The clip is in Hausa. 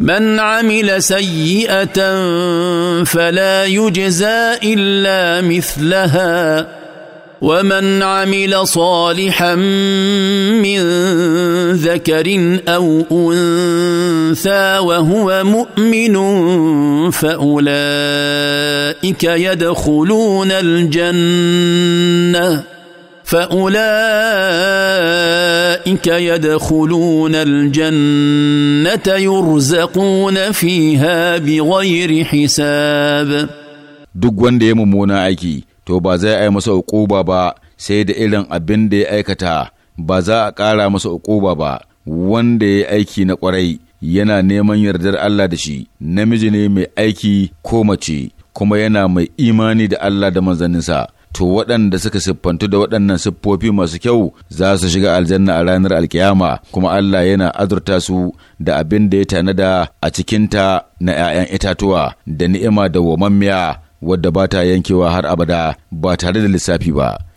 من عمل سيئه فلا يجزى الا مثلها ومن عمل صالحا من ذكر او انثى وهو مؤمن فاولئك يدخلون الجنه فاولئك اولئك يدخلون الجنه يرزقون فيها بغير حساب duk wanda ya mummuna aiki to ba zai ai masa uquba ba sai da irin abin da ya aikata ba za a ƙara masa uquba ba wanda ya aiki na ƙwarai yana neman yardar Allah da shi namiji ne mai aiki ko mace kuma yana mai imani da Allah da manzanninsa to waɗanda suka siffantu da waɗannan siffofi masu kyau za su shiga aljanna a ranar alkiyama kuma Allah yana azurta su da abin da ya tanada a cikinta na 'ya'yan itatuwa da ni'ima da wamammiya wadda ba ta yankewa har abada ba tare da lissafi ba.